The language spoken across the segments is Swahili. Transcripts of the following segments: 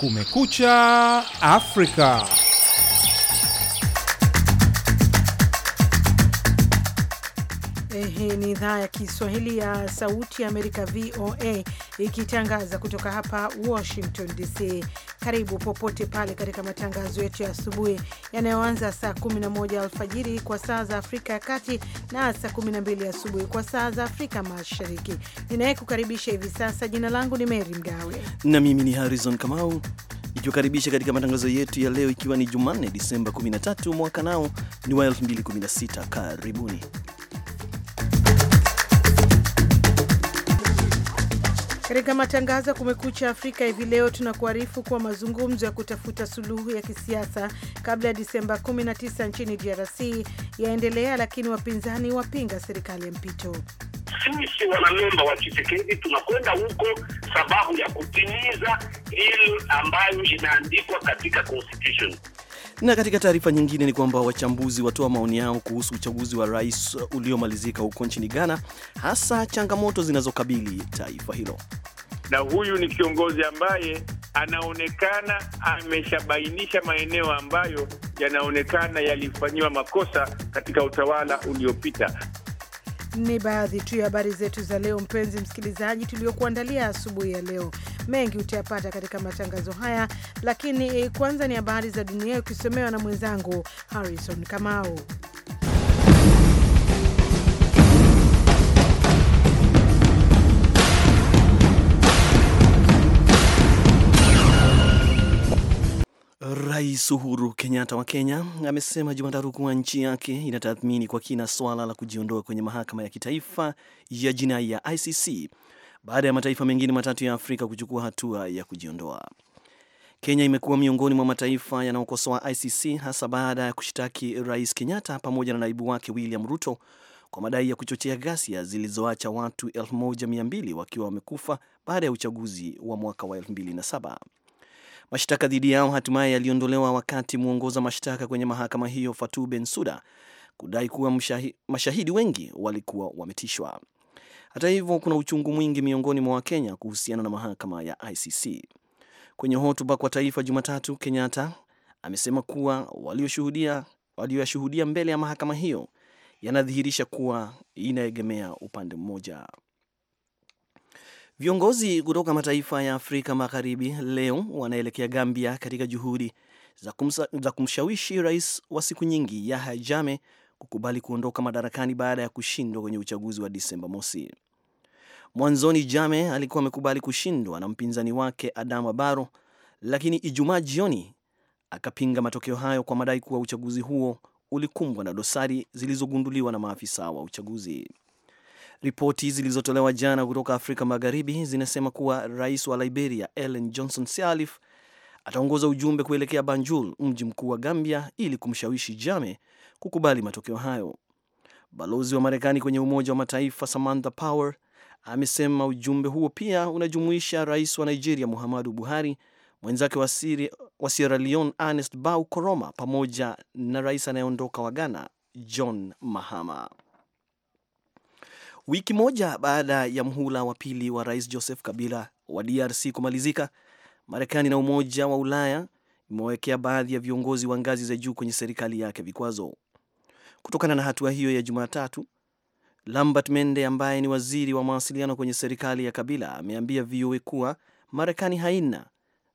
Kumekucha Afrika. Ehe, ni idhaa ya Kiswahili ya Sauti ya Amerika, VOA, ikitangaza kutoka hapa Washington DC. Karibu popote pale katika matangazo yetu ya asubuhi yanayoanza saa 11 alfajiri kwa saa za Afrika ya Kati na saa 12 asubuhi kwa saa za Afrika Mashariki. Ninayekukaribisha hivi sasa, jina langu ni Mary Mgawe na mimi ni Harrison Kamau nikiwakaribisha katika matangazo yetu ya leo, ikiwa ni Jumanne Disemba 13 mwaka nao ni wa 2016. Karibuni. Katika matangazo ya Kumekucha Afrika hivi leo tunakuarifu kuwa mazungumzo ya kutafuta suluhu ya kisiasa kabla ya Disemba 19 nchini DRC yaendelea, lakini wapinzani wapinga serikali ya mpito. Sisi wanamemba wa Chisekedi tunakwenda huko sababu ya kutimiza ile ambayo inaandikwa katika constitution. Na katika taarifa nyingine ni kwamba wachambuzi watoa maoni yao kuhusu uchaguzi wa rais uliomalizika huko nchini Ghana, hasa changamoto zinazokabili taifa hilo. Na huyu ni kiongozi ambaye anaonekana ameshabainisha maeneo ambayo yanaonekana yalifanyiwa makosa katika utawala uliopita. Ni baadhi tu ya habari zetu za leo, mpenzi msikilizaji, tuliokuandalia asubuhi ya leo. Mengi utayapata katika matangazo haya, lakini eh, kwanza ni habari za dunia ukisomewa na mwenzangu Harrison Kamau. Rais Uhuru Kenyatta wa Kenya amesema Jumatatu kuwa nchi yake inatathmini kwa kina swala la kujiondoa kwenye mahakama ya kitaifa ya jinai ya ICC baada ya mataifa mengine matatu ya Afrika kuchukua hatua ya kujiondoa. Kenya imekuwa miongoni mwa mataifa yanayokosoa ICC hasa baada ya kushtaki Rais Kenyatta pamoja na naibu wake William Ruto kwa madai ya kuchochea ghasia zilizoacha watu 1200 wakiwa wamekufa baada ya uchaguzi wa mwaka wa 2007. Mashtaka dhidi yao hatimaye yaliondolewa wakati mwongoza mashtaka kwenye mahakama hiyo Fatou Bensouda kudai kuwa mashahidi wengi walikuwa wametishwa. Hata hivyo, kuna uchungu mwingi miongoni mwa Wakenya kuhusiana na mahakama ya ICC. Kwenye hotuba kwa taifa Jumatatu, Kenyatta amesema kuwa walioshuhudia walioyashuhudia mbele ya mahakama hiyo yanadhihirisha kuwa inaegemea upande mmoja. Viongozi kutoka mataifa ya Afrika Magharibi leo wanaelekea Gambia katika juhudi za kumshawishi rais wa siku nyingi Yahya Jammeh kukubali kuondoka madarakani baada ya kushindwa kwenye uchaguzi wa Disemba mosi. Mwanzoni Jame alikuwa amekubali kushindwa na mpinzani wake Adama Barrow, lakini Ijumaa jioni akapinga matokeo hayo kwa madai kuwa uchaguzi huo ulikumbwa na dosari zilizogunduliwa na maafisa wa uchaguzi. Ripoti zilizotolewa jana kutoka Afrika Magharibi zinasema kuwa rais wa Liberia Ellen Johnson Sirleaf ataongoza ujumbe kuelekea Banjul, mji mkuu wa Gambia, ili kumshawishi Jame kukubali matokeo hayo. Balozi wa Marekani kwenye Umoja wa Mataifa Samantha Power amesema ujumbe huo pia unajumuisha rais wa Nigeria Muhammadu Buhari, mwenzake wa, Siri, wa Sierra Leone Ernest Bau Koroma pamoja na rais anayeondoka wa Ghana John Mahama. Wiki moja baada ya mhula wa pili wa rais Joseph Kabila wa DRC kumalizika, Marekani na Umoja wa Ulaya imewawekea baadhi ya viongozi wa ngazi za juu kwenye serikali yake vikwazo. Kutokana na hatua hiyo ya Jumatatu, Lambert Mende ambaye ni waziri wa mawasiliano kwenye serikali ya Kabila ameambia VOA kuwa Marekani haina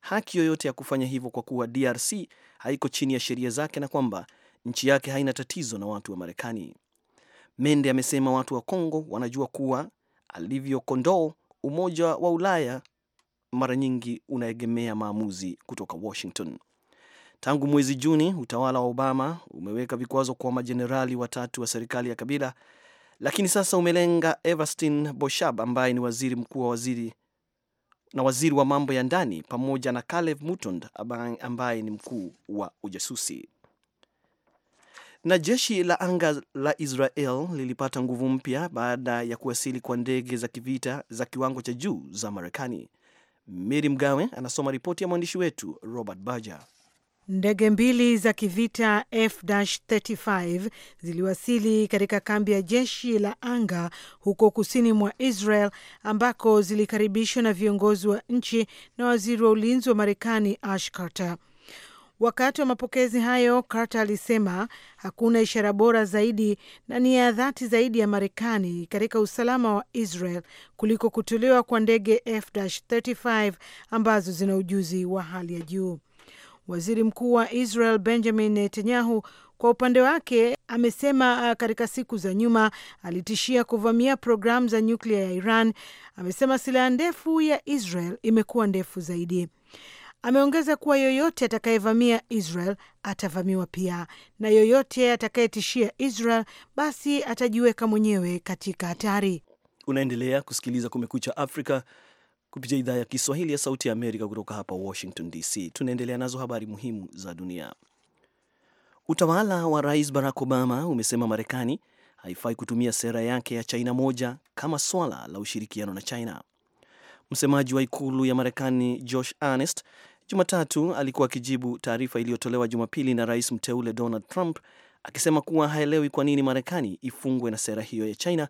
haki yoyote ya kufanya hivyo kwa kuwa DRC haiko chini ya sheria zake na kwamba nchi yake haina tatizo na watu wa Marekani. Mende amesema watu wa Kongo wanajua kuwa alivyo kondoo, Umoja wa Ulaya mara nyingi unaegemea maamuzi kutoka Washington. Tangu mwezi Juni, utawala wa Obama umeweka vikwazo kwa majenerali watatu wa serikali ya Kabila, lakini sasa umelenga Everstin Boshab ambaye ni waziri mkuu wa waziri na waziri wa mambo ya ndani pamoja na Caleb Mutond ambaye ni mkuu wa ujasusi. Na jeshi la anga la Israel lilipata nguvu mpya baada ya kuwasili kwa ndege za kivita za kiwango cha juu za Marekani. Meri Mgawe anasoma ripoti ya mwandishi wetu Robert Berger. Ndege mbili za kivita F-35 ziliwasili katika kambi ya jeshi la anga huko kusini mwa Israel ambako zilikaribishwa na viongozi wa nchi na waziri wa ulinzi wa Marekani Ash Carter. Wakati wa mapokezi hayo, Carter alisema hakuna ishara bora zaidi na nia ya dhati zaidi ya Marekani katika usalama wa Israel kuliko kutolewa kwa ndege F-35 ambazo zina ujuzi wa hali ya juu. Waziri Mkuu wa Israel Benjamin Netanyahu kwa upande wake amesema uh, katika siku za nyuma alitishia kuvamia programu za nyuklia ya Iran. Amesema silaha ndefu ya Israel imekuwa ndefu zaidi. Ameongeza kuwa yoyote atakayevamia Israel atavamiwa pia, na yoyote atakayetishia Israel basi atajiweka mwenyewe katika hatari. Unaendelea kusikiliza Kumekucha Afrika kupitia idhaa ya Kiswahili ya Sauti ya Amerika kutoka hapa Washington DC. Tunaendelea nazo habari muhimu za dunia. Utawala wa Rais Barack Obama umesema Marekani haifai kutumia sera yake ya China moja kama swala la ushirikiano na China. Msemaji wa ikulu ya Marekani Josh Earnest Jumatatu alikuwa akijibu taarifa iliyotolewa Jumapili na rais mteule Donald Trump akisema kuwa haelewi kwa nini Marekani ifungwe na sera hiyo ya China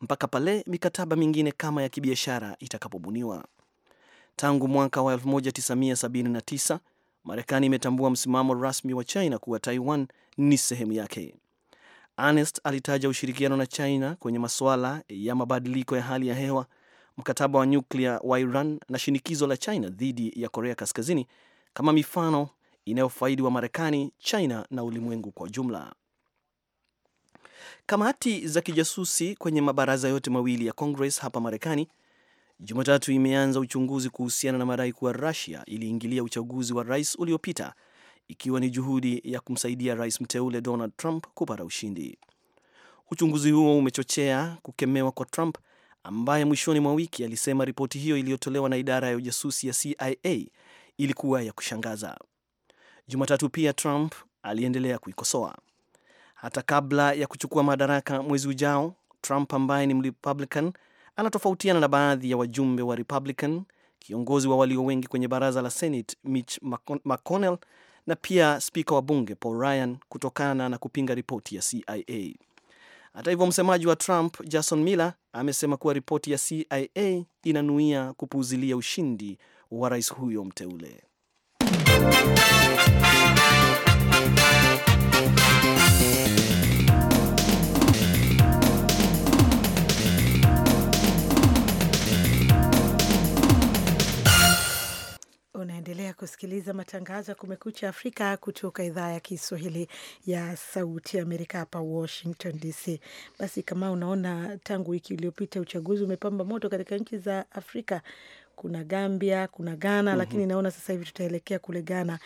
mpaka pale mikataba mingine kama ya kibiashara itakapobuniwa. Tangu mwaka wa 1979 Marekani imetambua msimamo rasmi wa China kuwa Taiwan ni sehemu yake. Ernest alitaja ushirikiano na China kwenye masuala ya mabadiliko ya hali ya hewa, mkataba wa nyuklia wa Iran na shinikizo la China dhidi ya Korea Kaskazini kama mifano inayofaidi wa Marekani, China na ulimwengu kwa jumla. Kamati za kijasusi kwenye mabaraza yote mawili ya Congress hapa Marekani Jumatatu imeanza uchunguzi kuhusiana na madai kuwa Russia iliingilia uchaguzi wa rais uliopita ikiwa ni juhudi ya kumsaidia rais mteule Donald Trump kupata ushindi. Uchunguzi huo umechochea kukemewa kwa Trump ambaye mwishoni mwa wiki alisema ripoti hiyo iliyotolewa na idara ya ujasusi ya CIA ilikuwa ya kushangaza. Jumatatu pia Trump aliendelea kuikosoa. Hata kabla ya kuchukua madaraka mwezi ujao, Trump ambaye ni Republican anatofautiana na baadhi ya wajumbe wa Republican, kiongozi wa walio wengi kwenye baraza la Senate Mitch McConnell na pia spika wa bunge Paul Ryan kutokana na kupinga ripoti ya CIA. Hata hivyo, msemaji wa Trump Jason Miller amesema kuwa ripoti ya CIA inanuia kupuuzilia ushindi wa rais huyo mteule. Unaendelea kusikiliza matangazo ya Kumekucha Afrika kutoka idhaa ya Kiswahili ya Sauti ya Amerika hapa Washington DC. Basi kama unaona, tangu wiki iliyopita uchaguzi umepamba moto katika nchi za Afrika kuna Gambia, kuna Ghana, mm -hmm. Lakini naona sasa hivi tutaelekea kule Ghana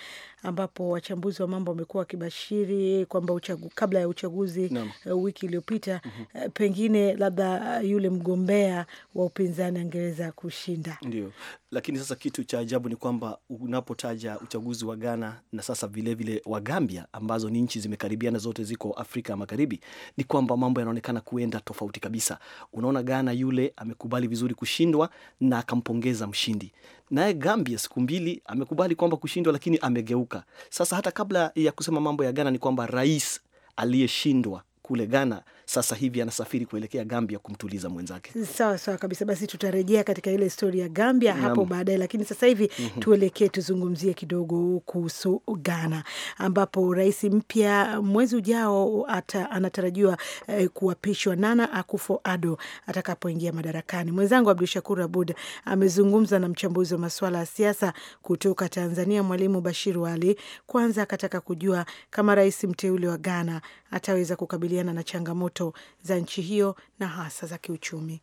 ambapo wachambuzi wa mambo wamekuwa wakibashiri kwamba kabla ya uchaguzi uh, wiki iliyopita mm -hmm. uh, pengine labda eh, yule mgombea wa upinzani angeweza kushinda. Ndio, lakini sasa kitu cha ajabu ni kwamba unapotaja uchaguzi wa Ghana na sasa vilevile vile wa Gambia ambazo ni nchi zimekaribiana zote ziko Afrika Magharibi, ni kwamba mambo yanaonekana kuenda tofauti kabisa. Unaona, Ghana yule amekubali vizuri kushindwa na akampongeza mshindi Naye Gambia siku mbili amekubali kwamba kushindwa, lakini amegeuka sasa. Hata kabla ya kusema mambo ya Ghana, ni kwamba rais aliyeshindwa kule Ghana sasa hivi anasafiri kuelekea Gambia kumtuliza mwenzake. Sawa sawa kabisa. Basi tutarejea katika ile stori ya Gambia hapo baadaye, lakini sasa hivi mm -hmm. tuelekee, tuzungumzie kidogo kuhusu Ghana ambapo rais mpya mwezi ujao ata, anatarajiwa eh, kuapishwa Nana Akufo-Addo atakapoingia madarakani. Mwenzangu Abdu Shakur Abud amezungumza na mchambuzi wa masuala ya siasa kutoka Tanzania, Mwalimu Bashiru Ali. Kwanza akataka kujua kama rais mteule wa Ghana ataweza kukabiliana na changamoto changamoto za nchi hiyo na hasa za kiuchumi.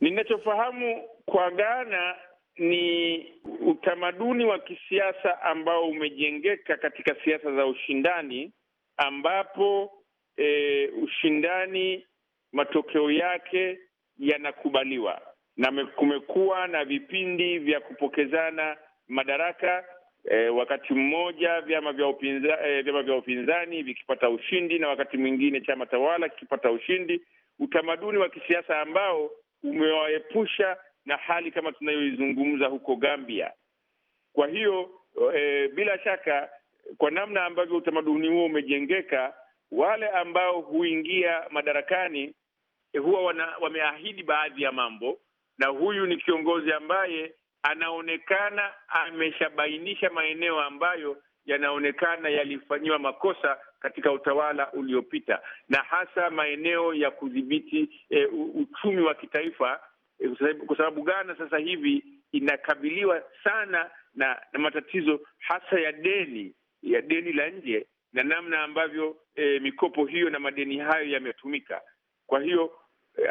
Ninachofahamu kwa Ghana ni utamaduni wa kisiasa ambao umejengeka katika siasa za ushindani, ambapo e, ushindani matokeo yake yanakubaliwa na kumekuwa na vipindi vya kupokezana madaraka E, wakati mmoja vyama vya upinza, e, vyama vya upinzani vikipata ushindi na wakati mwingine chama tawala kikipata ushindi, utamaduni wa kisiasa ambao umewaepusha na hali kama tunayoizungumza huko Gambia. Kwa hiyo e, bila shaka kwa namna ambavyo utamaduni huo umejengeka, wale ambao huingia madarakani e, huwa wana, wameahidi baadhi ya mambo, na huyu ni kiongozi ambaye anaonekana ameshabainisha maeneo ambayo yanaonekana yalifanyiwa makosa katika utawala uliopita, na hasa maeneo ya kudhibiti e, uchumi wa kitaifa e, kwa sababu Ghana sasa hivi inakabiliwa sana na, na matatizo hasa ya deni ya deni la nje na namna ambavyo e, mikopo hiyo na madeni hayo yametumika. Kwa hiyo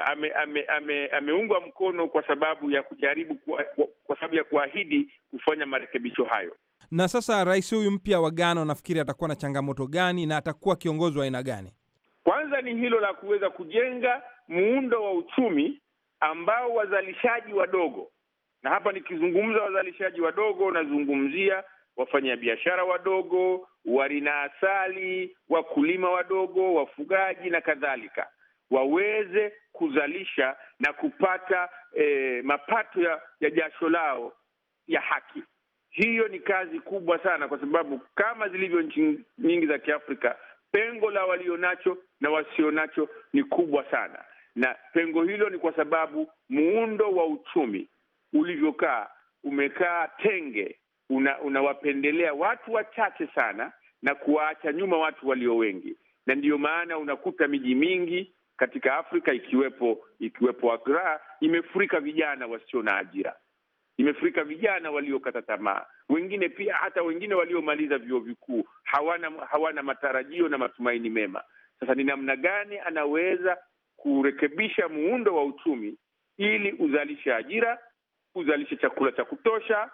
ame, ame, ame, ameungwa mkono kwa sababu ya kujaribu kwa, kwa sababu ya kuahidi kufanya marekebisho hayo. Na sasa rais huyu mpya wa Ghana unafikiri atakuwa na changamoto gani na atakuwa kiongozi wa aina gani? Kwanza ni hilo la kuweza kujenga muundo wa uchumi ambao wazalishaji wadogo, na hapa nikizungumza wazalishaji wadogo nazungumzia wafanyabiashara wadogo, warina asali, wakulima wadogo, wafugaji na kadhalika waweze kuzalisha na kupata eh, mapato ya, ya jasho lao ya haki. Hiyo ni kazi kubwa sana, kwa sababu kama zilivyo nchi nyingi za Kiafrika, pengo la walionacho na wasionacho ni kubwa sana, na pengo hilo ni kwa sababu muundo wa uchumi ulivyokaa umekaa tenge, unawapendelea una watu wachache sana na kuwaacha nyuma watu walio wengi, na ndiyo maana unakuta miji mingi katika Afrika ikiwepo ikiwepo Agra, imefurika vijana wasio na ajira, imefurika vijana waliokata tamaa, wengine pia hata wengine waliomaliza vyuo vikuu hawana hawana matarajio na matumaini mema. Sasa ni namna gani anaweza kurekebisha muundo wa uchumi ili uzalishe ajira, uzalishe chakula cha kutosha,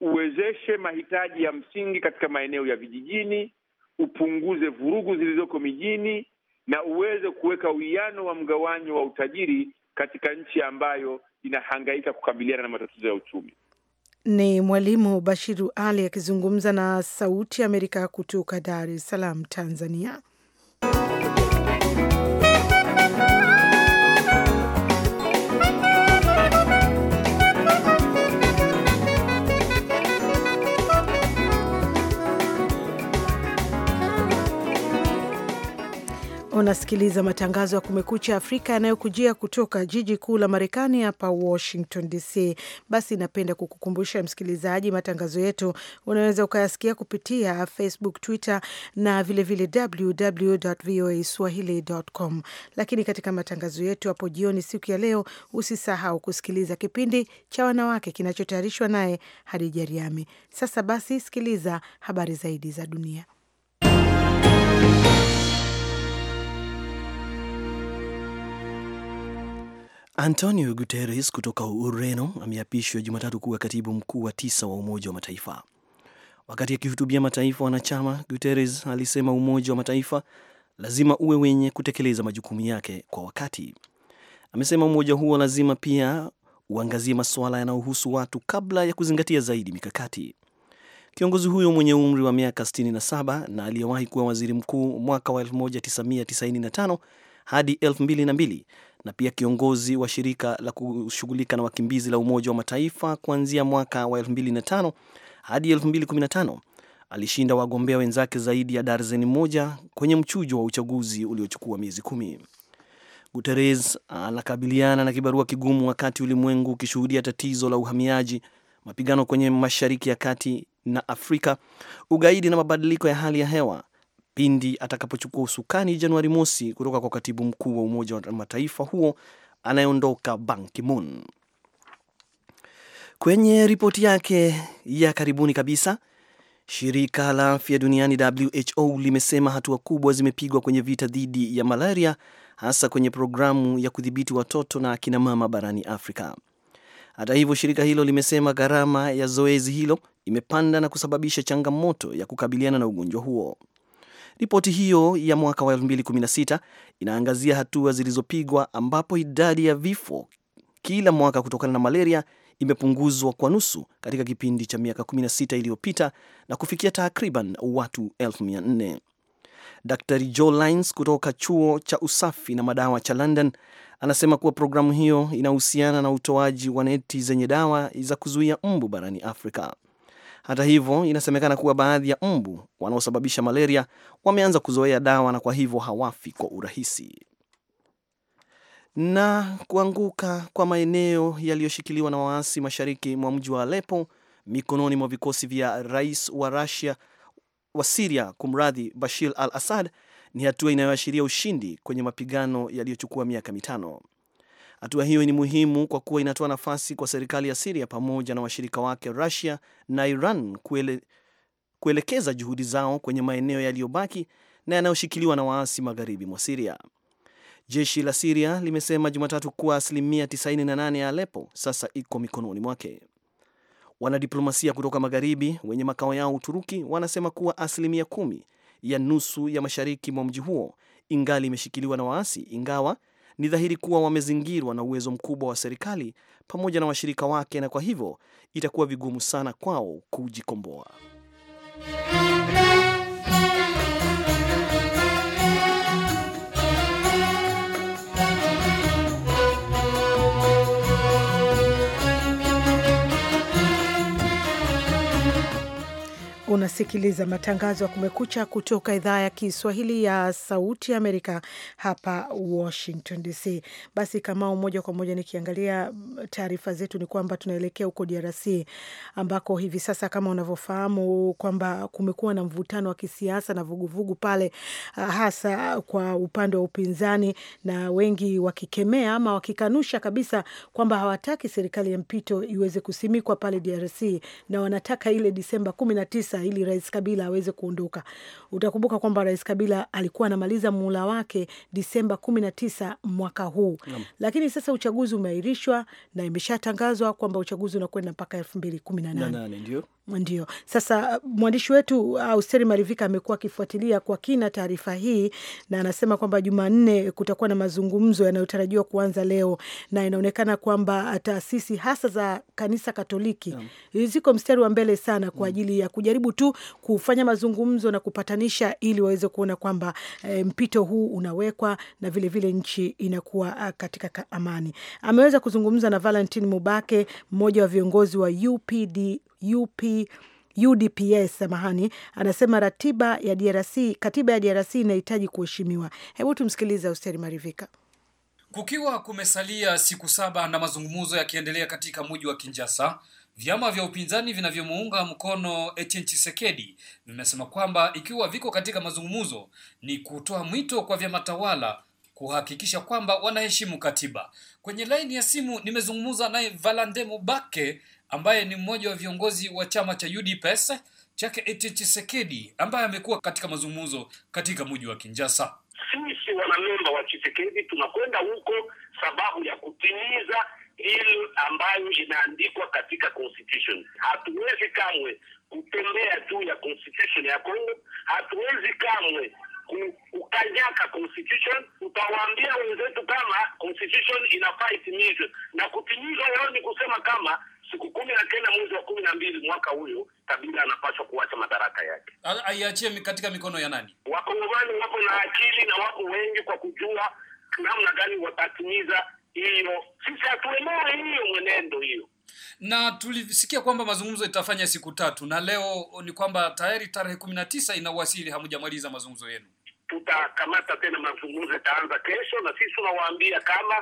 uwezeshe mahitaji ya msingi katika maeneo ya vijijini, upunguze vurugu zilizoko mijini na uweze kuweka uwiano wa mgawanyo wa utajiri katika nchi ambayo inahangaika kukabiliana na matatizo ya uchumi. Ni Mwalimu Bashiru Ali akizungumza na Sauti ya Amerika kutoka Dar es Salaam, Tanzania. unasikiliza matangazo ya Kumekucha Afrika yanayokujia kutoka jiji kuu la Marekani, hapa Washington DC. Basi napenda kukukumbusha msikilizaji, matangazo yetu unaweza ukayasikia kupitia Facebook, Twitter na vilevile swahilicom Lakini katika matangazo yetu hapo jioni siku ya leo, usisahau kusikiliza kipindi cha wanawake kinachotayarishwa naye Hadija Riami. Sasa basi, sikiliza habari zaidi za dunia. Antonio Guterres kutoka Ureno ameapishwa Jumatatu kuwa katibu mkuu wa tisa wa Umoja wa Mataifa. Wakati akihutubia mataifa wanachama, Guterres alisema Umoja wa Mataifa lazima uwe wenye kutekeleza majukumu yake kwa wakati. Amesema umoja huo lazima pia uangazie masuala yanayohusu watu kabla ya kuzingatia zaidi mikakati. Kiongozi huyo mwenye umri wa miaka 67 na aliyewahi kuwa waziri mkuu mwaka wa 1995 hadi 2002 na pia kiongozi wa shirika la kushughulika na wakimbizi la Umoja wa Mataifa kuanzia mwaka wa 2005 hadi 2015. Alishinda wagombea wenzake zaidi ya darzeni moja kwenye mchujo wa uchaguzi uliochukua miezi kumi. Guterres anakabiliana na kibarua kigumu wakati ulimwengu ukishuhudia tatizo la uhamiaji, mapigano kwenye Mashariki ya Kati na Afrika, ugaidi na mabadiliko ya hali ya hewa pindi atakapochukua usukani Januari mosi kutoka kwa katibu mkuu wa Umoja wa Mataifa huo anayeondoka Ban Ki-moon. Kwenye ripoti yake ya karibuni kabisa, shirika la afya duniani WHO limesema hatua kubwa zimepigwa kwenye vita dhidi ya malaria, hasa kwenye programu ya kudhibiti watoto na akinamama barani Afrika. Hata hivyo, shirika hilo limesema gharama ya zoezi hilo imepanda na kusababisha changamoto ya kukabiliana na ugonjwa huo. Ripoti hiyo ya mwaka wa 2016 inaangazia hatua zilizopigwa, ambapo idadi ya vifo kila mwaka kutokana na malaria imepunguzwa kwa nusu katika kipindi cha miaka 16 iliyopita na kufikia takriban watu 4 Dr Jo Lines kutoka chuo cha usafi na madawa cha London anasema kuwa programu hiyo inahusiana na utoaji wa neti zenye dawa za kuzuia mbu barani Afrika. Hata hivyo, inasemekana kuwa baadhi ya mbu wanaosababisha malaria wameanza kuzoea dawa na kwa hivyo hawafi kwa urahisi. Na kuanguka kwa maeneo yaliyoshikiliwa na waasi mashariki mwa mji wa Aleppo mikononi mwa vikosi vya rais wa Russia wa Siria, kumradhi, Bashir al Assad ni hatua inayoashiria ushindi kwenye mapigano yaliyochukua miaka mitano. Hatua hiyo ni muhimu kwa kuwa inatoa nafasi kwa serikali ya Siria pamoja na washirika wake Rusia na Iran kuele, kuelekeza juhudi zao kwenye maeneo yaliyobaki na yanayoshikiliwa na waasi magharibi mwa Siria. Jeshi la Siria limesema Jumatatu kuwa asilimia 98 ya Alepo sasa iko mikononi mwake. Wanadiplomasia kutoka magharibi wenye makao yao Uturuki wanasema kuwa asilimia kumi ya nusu ya mashariki mwa mji huo ingali imeshikiliwa na waasi, ingawa ni dhahiri kuwa wamezingirwa na uwezo mkubwa wa serikali pamoja na washirika wake, na kwa hivyo itakuwa vigumu sana kwao kujikomboa. Unasikiliza matangazo ya Kumekucha kutoka idhaa ya Kiswahili ya Sauti ya Amerika hapa Washington DC. Basi Kamau, moja kwa moja nikiangalia taarifa zetu ni kwamba tunaelekea huko DRC ambako hivi sasa kama unavyofahamu kwamba kumekuwa na mvutano wa kisiasa na vuguvugu pale, ah, hasa kwa upande wa upinzani na wengi wakikemea ama wakikanusha kabisa kwamba hawataki serikali ya mpito iweze kusimikwa pale DRC na wanataka ile Disemba kumi na tisa ili Rais Kabila aweze kuondoka. Utakumbuka kwamba Rais Kabila alikuwa anamaliza muhula wake Disemba kumi na tisa mwaka huu mm. Lakini sasa uchaguzi umeahirishwa na imeshatangazwa kwamba uchaguzi unakwenda mpaka elfu mbili kumi na nane. Ndio, sasa mwandishi wetu uh, Austeri Marivika amekuwa akifuatilia kwa kina taarifa hii na anasema kwamba Jumanne kutakuwa na mazungumzo yanayotarajiwa kuanza leo, na inaonekana kwamba uh, taasisi hasa za kanisa Katoliki yeah, ziko mstari wa mbele sana kwa mm. ajili ya kujaribu tu kufanya mazungumzo na kupatanisha, ili waweze kuona kwamba e, mpito huu unawekwa na vilevile vile nchi inakuwa katika amani. Ameweza kuzungumza na Valentin Mubake, mmoja wa viongozi wa UPD UP UDPS samahani, anasema ratiba ya DRC, katiba ya DRC inahitaji kuheshimiwa. Hebu tumsikilize Austeri Marivika. Kukiwa kumesalia siku saba na mazungumzo yakiendelea katika mji wa kinjasa vyama vya upinzani vinavyomuunga mkono Etienne Tshisekedi vimesema kwamba ikiwa viko katika mazungumzo ni kutoa mwito kwa vyama tawala kuhakikisha kwamba wanaheshimu katiba. Kwenye laini ya simu nimezungumza naye Valande Mubake ambaye ni mmoja wa viongozi wa chama cha UDPS chake Etienne Tshisekedi ambaye amekuwa katika mazungumzo katika mji wa Kinshasa. Sisi wanamemba wa Tshisekedi tunakwenda huko sababu ya kutimiza ile ambayo inaandikwa katika constitution. Hatuwezi kamwe kutembea juu ya constitution ya Kongo, hatuwezi kamwe kukanyaka constitution. Utawaambia wenzetu kama constitution inafaa itimizwe, na kutimizwa yao ni kusema kama siku kumi na kenda mwezi wa kumi na mbili mwaka huyo, Kabila anapaswa kuacha madaraka yake, aiachie katika mikono ya nani? Wakongomani wako na akili na wako wengi kwa kujua namna gani watatimiza hiyo. Sisi hatuelewe hiyo mwenendo hiyo na tulisikia kwamba mazungumzo itafanya siku tatu na leo ni kwamba tayari tarehe kumi na tisa inawasili, hamjamaliza mazungumzo yenu. Tutakamata tena mazungumzo, itaanza kesho, na sisi tunawaambia kama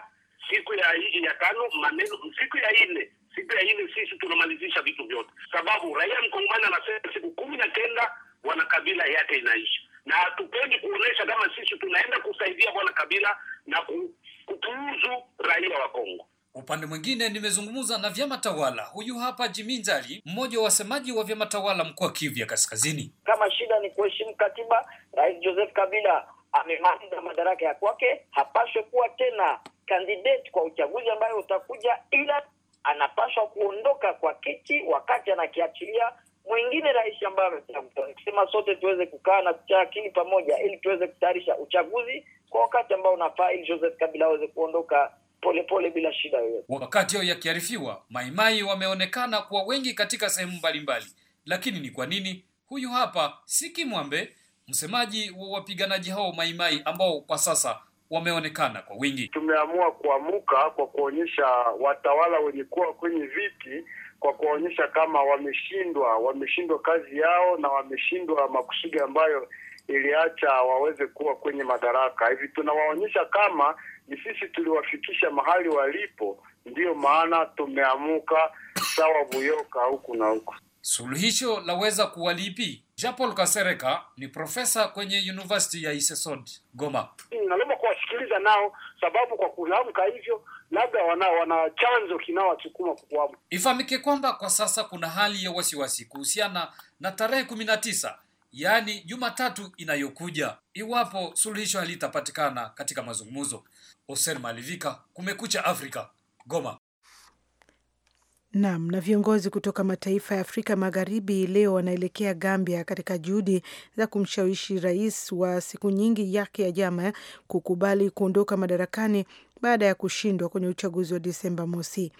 siku ya hii ya tano maneno, siku ya nne si ya hili sisi tunamalizisha vitu vyote, sababu raia mkongomani anasema siku kumi na kenda bwana Kabila yake inaisha, na hatupendi kuonesha kama sisi tunaenda kusaidia bwana Kabila na kupuuzu raia wa Kongo. Upande mwingine nimezungumza na vyama tawala. Huyu hapa Jiminjali, mmoja wa wasemaji wa vyama tawala mkoa Kivu ya Kaskazini. Kama shida ni kuheshimu katiba, Rais Joseph Kabila amemaliza madaraka ya kwake, hapaswe kuwa tena kandidati kwa uchaguzi ambayo utakuja, ila anapaswa kuondoka kwa kiti wakati anakiachilia mwingine rais ambaye amechaguliwa. Nikisema sote tuweze kukaa na kuchaa akili pamoja, ili tuweze kutayarisha uchaguzi kwa wakati ambao unafaa, ili Joseph Kabila aweze kuondoka polepole pole bila shida yoyote. Wakati hayo yakiarifiwa, maimai wameonekana kuwa wengi katika sehemu mbalimbali, lakini ni kwa nini? Huyu hapa si kimwambe msemaji wa wapiganaji hao maimai ambao kwa sasa wameonekana kwa wingi. Tumeamua kuamuka kwa kuonyesha watawala wenye kuwa kwenye viti kwa kuwaonyesha kama wameshindwa, wameshindwa kazi yao na wameshindwa makusudi ambayo iliacha waweze kuwa kwenye madaraka. Hivi tunawaonyesha kama ni sisi tuliwafikisha mahali walipo, ndiyo maana tumeamuka sawa buyoka huku na huku. Suluhisho laweza kuwa lipi? Jean Paul Kasereka ni profesa kwenye University ya Isesod Goma kuwasikiliza nao, sababu kwa kuamka hivyo labda wana, wana chanzo kinawasukuma kuamka. Ifahamike kwamba kwa sasa kuna hali ya wasiwasi kuhusiana na tarehe kumi na tisa yaani Jumatatu inayokuja iwapo suluhisho halitapatikana katika mazungumzo. Oser Malivika, Kumekucha Afrika, Goma. Nam na viongozi kutoka mataifa ya Afrika Magharibi leo wanaelekea Gambia katika juhudi za kumshawishi rais wa siku nyingi yake ya jama kukubali kuondoka madarakani baada ya kushindwa kwenye uchaguzi wa Disemba mosi.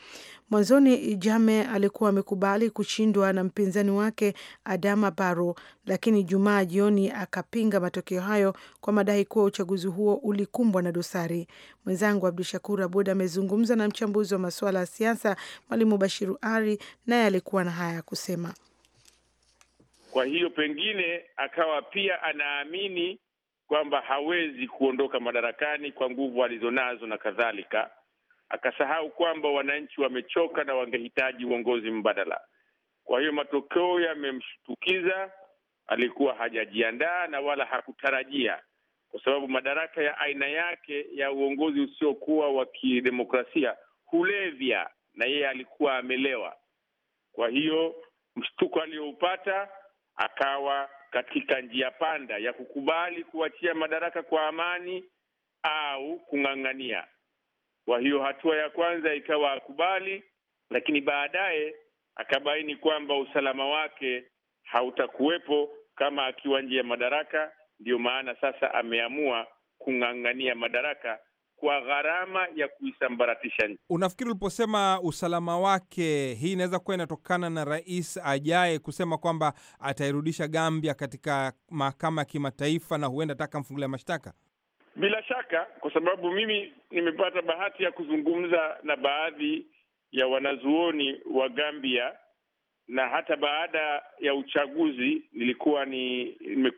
Mwanzoni Jame alikuwa amekubali kushindwa na mpinzani wake Adama baro lakini Jumaa jioni akapinga matokeo hayo kwa madai kuwa uchaguzi huo ulikumbwa na dosari. Mwenzangu Abdu Shakur Abud amezungumza na mchambuzi wa masuala ya siasa Mwalimu Bashiru Ari, naye alikuwa na haya ya kusema. Kwa hiyo pengine akawa pia anaamini kwamba hawezi kuondoka madarakani kwa nguvu alizonazo na kadhalika. Akasahau kwamba wananchi wamechoka na wangehitaji uongozi mbadala. Kwa hiyo matokeo yamemshtukiza, alikuwa hajajiandaa na wala hakutarajia, kwa sababu madaraka ya aina yake ya uongozi usiokuwa wa kidemokrasia hulevya, na yeye alikuwa amelewa. Kwa hiyo mshtuko aliyoupata akawa katika njia panda ya kukubali kuachia madaraka kwa amani au kung'ang'ania. Kwa hiyo hatua ya kwanza ikawa akubali, lakini baadaye akabaini kwamba usalama wake hautakuwepo kama akiwa nje ya madaraka. Ndiyo maana sasa ameamua kung'ang'ania madaraka kwa gharama ya kuisambaratisha nchi. Unafikiri uliposema usalama wake, hii inaweza kuwa inatokana na rais ajaye kusema kwamba atairudisha Gambia katika mahakama ya kimataifa na huenda ataka mfungulia mashtaka? Bila shaka, kwa sababu mimi nimepata bahati ya kuzungumza na baadhi ya wanazuoni wa Gambia na hata baada ya uchaguzi nilikuwa ni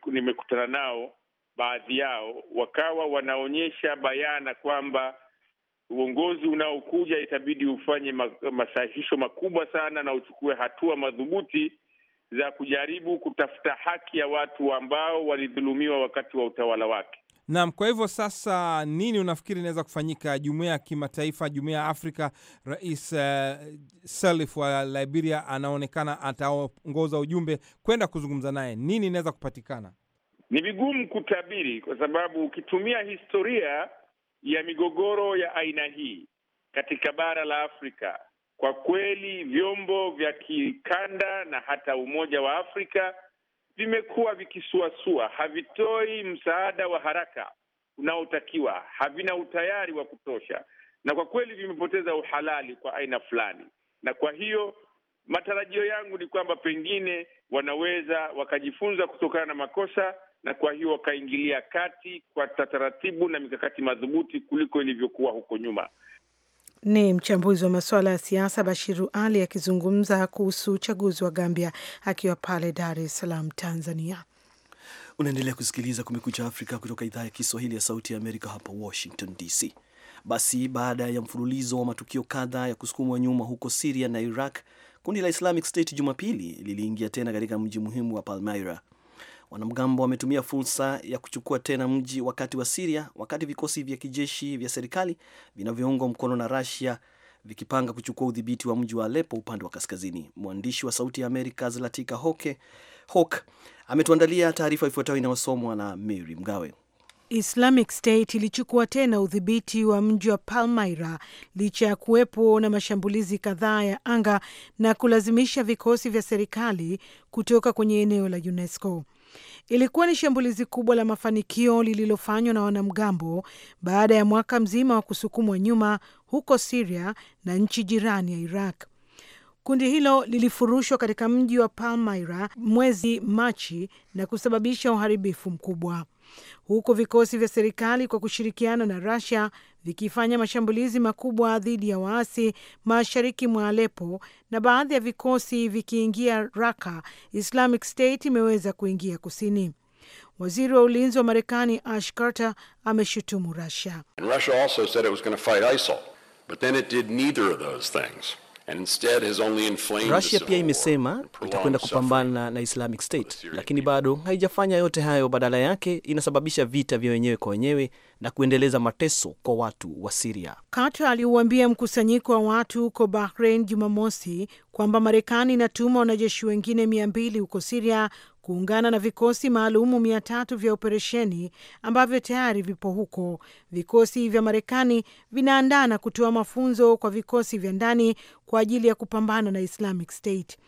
nimekutana nao baadhi yao wakawa wanaonyesha bayana kwamba uongozi unaokuja itabidi ufanye masahihisho makubwa sana na uchukue hatua madhubuti za kujaribu kutafuta haki ya watu ambao walidhulumiwa wakati wa utawala wake. Naam, kwa hivyo sasa, nini unafikiri inaweza kufanyika? Jumuiya ya kimataifa, jumuiya ya Afrika, Rais uh, eh, Salif wa Liberia anaonekana ataongoza ujumbe kwenda kuzungumza naye. Nini inaweza kupatikana? Ni vigumu kutabiri kwa sababu ukitumia historia ya migogoro ya aina hii katika bara la Afrika, kwa kweli vyombo vya kikanda na hata Umoja wa Afrika vimekuwa vikisuasua, havitoi msaada wa haraka unaotakiwa, havina utayari wa kutosha, na kwa kweli vimepoteza uhalali kwa aina fulani, na kwa hiyo matarajio yangu ni kwamba pengine wanaweza wakajifunza kutokana na makosa na kwa hiyo wakaingilia kati kwa taratibu na mikakati madhubuti kuliko ilivyokuwa huko nyuma. Ni mchambuzi wa masuala ya siasa Bashiru Ali akizungumza kuhusu uchaguzi wa Gambia akiwa pale Dar es Salaam, Tanzania. Unaendelea kusikiliza Kumekucha Afrika kutoka idhaa ya Kiswahili ya Sauti ya Amerika, hapa Washington DC. Basi baada ya mfululizo wa matukio kadhaa ya kusukumwa nyuma huko Siria na Iraq, kundi la Islamic State Jumapili liliingia tena katika mji muhimu wa Palmyra Wanamgambo wametumia fursa ya kuchukua tena mji wakati wa Siria, wakati vikosi vya kijeshi vya serikali vinavyoungwa mkono na Rusia vikipanga kuchukua udhibiti wa mji wa Alepo upande wa kaskazini. Mwandishi wa Sauti ya Amerika Zlatika Hoke Hok ametuandalia taarifa ifuatayo inayosomwa na Mary Mgawe. Islamic State ilichukua tena udhibiti wa mji wa Palmyra licha ya kuwepo na mashambulizi kadhaa ya anga na kulazimisha vikosi vya serikali kutoka kwenye eneo la UNESCO. Ilikuwa ni shambulizi kubwa la mafanikio lililofanywa na wanamgambo baada ya mwaka mzima wa kusukumwa nyuma huko Siria na nchi jirani ya Iraq. Kundi hilo lilifurushwa katika mji wa Palmyra mwezi Machi na kusababisha uharibifu mkubwa huku vikosi vya serikali kwa kushirikiana na Russia vikifanya mashambulizi makubwa dhidi ya waasi mashariki mwa alepo na baadhi ya vikosi vikiingia raka Islamic State imeweza kuingia kusini. Waziri wa ulinzi wa Marekani Ash Carter ameshutumu Russia rusia pia imesema itakwenda kupambana na Islamic State, lakini bado haijafanya yote hayo. Badala yake inasababisha vita vya wenyewe kwa wenyewe na kuendeleza mateso kwa watu wa Siria. Carter aliuambia mkusanyiko wa watu huko Bahrain Jumamosi kwamba Marekani inatuma wanajeshi wengine mia mbili huko Siria kuungana na vikosi maalumu mia tatu vya operesheni ambavyo tayari vipo huko. Vikosi vya Marekani vinaandaa na kutoa mafunzo kwa vikosi vya ndani kwa ajili ya kupambana na Islamic State.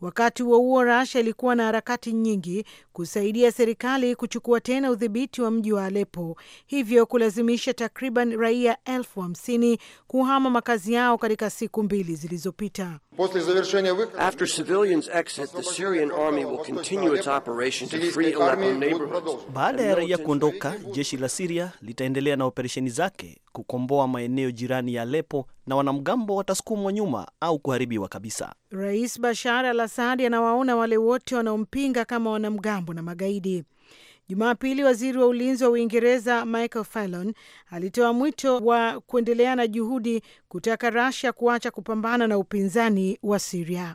Wakati huo huo, Rasha ilikuwa na harakati nyingi kusaidia serikali kuchukua tena udhibiti wa mji wa alepo hivyo kulazimisha takriban raia elfu hamsini kuhama makazi yao katika siku mbili zilizopita. After civilians exit, the Syrian army will continue its operation to free Aleppo neighborhoods. Baada ya raia kuondoka, jeshi la Syria litaendelea na operesheni zake kukomboa maeneo jirani ya Aleppo na wanamgambo watasukumwa nyuma au kuharibiwa kabisa. Rais Bashar al-Assad anawaona wale wote wanaompinga kama wanamgambo na magaidi. Jumapili, waziri wa ulinzi wa Uingereza Michael Fallon alitoa mwito wa kuendelea na juhudi kutaka Russia kuacha kupambana na upinzani wa Siria.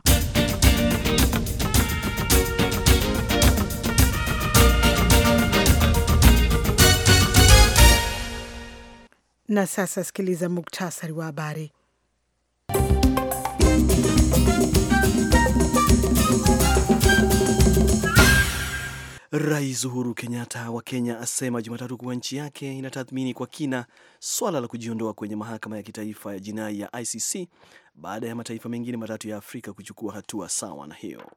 Na sasa sikiliza muktasari wa habari. Rais Uhuru Kenyatta wa Kenya asema Jumatatu kuwa nchi yake inatathmini kwa kina swala la kujiondoa kwenye mahakama ya kitaifa ya jinai ya ICC baada ya mataifa mengine matatu ya Afrika kuchukua hatua sawa na hiyo.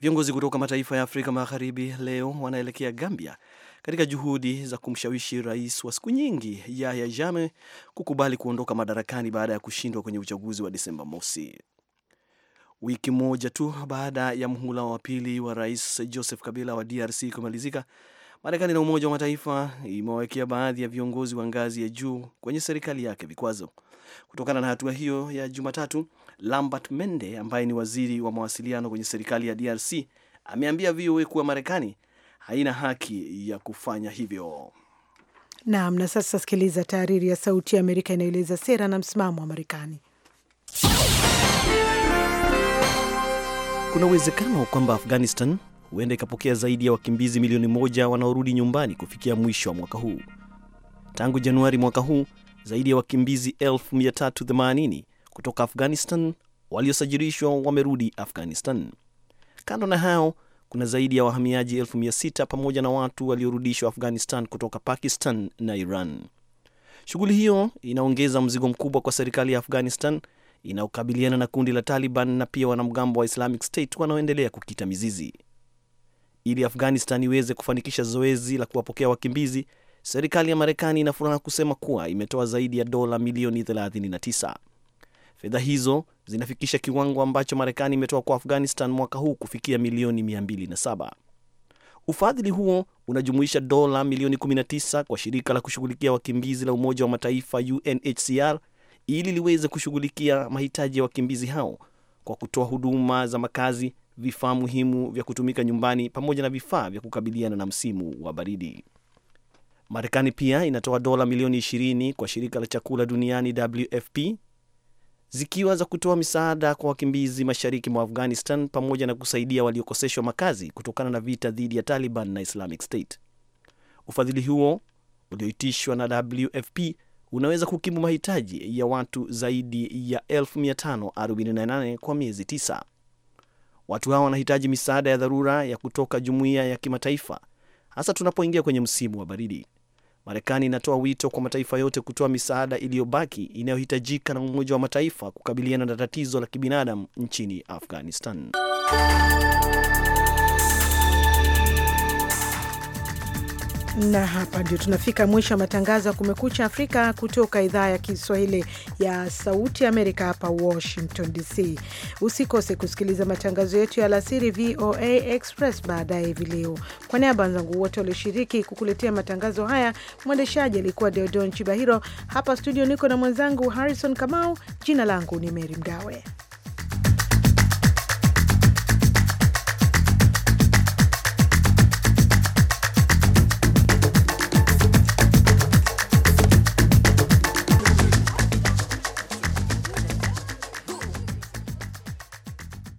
Viongozi kutoka mataifa ya Afrika Magharibi leo wanaelekea Gambia katika juhudi za kumshawishi rais wa siku nyingi Yahya Jammeh kukubali kuondoka madarakani baada ya kushindwa kwenye uchaguzi wa Desemba mosi wiki moja tu baada ya mhula wa pili wa Rais Joseph Kabila wa DRC kumalizika, Marekani na Umoja wa Mataifa imewawekea baadhi ya viongozi wa ngazi ya juu kwenye serikali yake vikwazo. Kutokana na hatua hiyo ya Jumatatu, Lambert Mende ambaye ni waziri wa mawasiliano kwenye serikali ya DRC ameambia VOA kuwa Marekani haina haki ya kufanya hivyo. Naam, na sasa sikiliza tahariri ya Sauti ya Amerika inaeleza sera na msimamo wa Marekani. Kuna uwezekano kwamba Afghanistan huenda ikapokea zaidi ya wakimbizi milioni moja wanaorudi nyumbani kufikia mwisho wa mwaka huu. Tangu Januari mwaka huu, zaidi ya wakimbizi 380 kutoka Afghanistan waliosajirishwa wamerudi Afghanistan. Kando na hayo kuna zaidi ya wahamiaji 6 pamoja na watu waliorudishwa Afghanistan kutoka Pakistan na Iran. Shughuli hiyo inaongeza mzigo mkubwa kwa serikali ya Afghanistan inayokabiliana na kundi la Taliban na pia wanamgambo wa Islamic State wanaoendelea kukita mizizi. Ili Afghanistan iweze kufanikisha zoezi la kuwapokea wakimbizi, serikali ya Marekani ina furaha kusema kuwa imetoa zaidi ya dola milioni 39. Fedha hizo zinafikisha kiwango ambacho Marekani imetoa kwa Afghanistan mwaka huu kufikia milioni 207. Ufadhili huo unajumuisha dola milioni 19 kwa shirika la kushughulikia wakimbizi la Umoja wa Mataifa, UNHCR, ili liweze kushughulikia mahitaji ya wakimbizi hao kwa kutoa huduma za makazi, vifaa muhimu vya kutumika nyumbani, pamoja na vifaa vya kukabiliana na msimu wa baridi. Marekani pia inatoa dola milioni 20 kwa shirika la chakula duniani WFP, zikiwa za kutoa misaada kwa wakimbizi mashariki mwa Afghanistan pamoja na kusaidia waliokoseshwa makazi kutokana na vita dhidi ya Taliban na Islamic State. Ufadhili huo ulioitishwa na WFP unaweza kukimu mahitaji ya watu zaidi ya 548 kwa miezi tisa. Watu hawa wanahitaji misaada ya dharura ya kutoka jumuiya ya kimataifa, hasa tunapoingia kwenye msimu wa baridi. Marekani inatoa wito kwa mataifa yote kutoa misaada iliyobaki inayohitajika na Umoja wa Mataifa kukabiliana na tatizo la kibinadamu nchini Afghanistan. na hapa ndio tunafika mwisho wa matangazo ya Kumekucha Afrika kutoka idhaa ya Kiswahili ya Sauti Amerika hapa Washington DC. Usikose kusikiliza matangazo yetu ya alasiri VOA Express baadaye hivi leo. Kwa niaba wenzangu wote walioshiriki kukuletea matangazo haya, mwendeshaji alikuwa Deodon Chibahiro. Hapa studio niko na mwenzangu Harrison Kamau. Jina langu ni Meri Mgawe.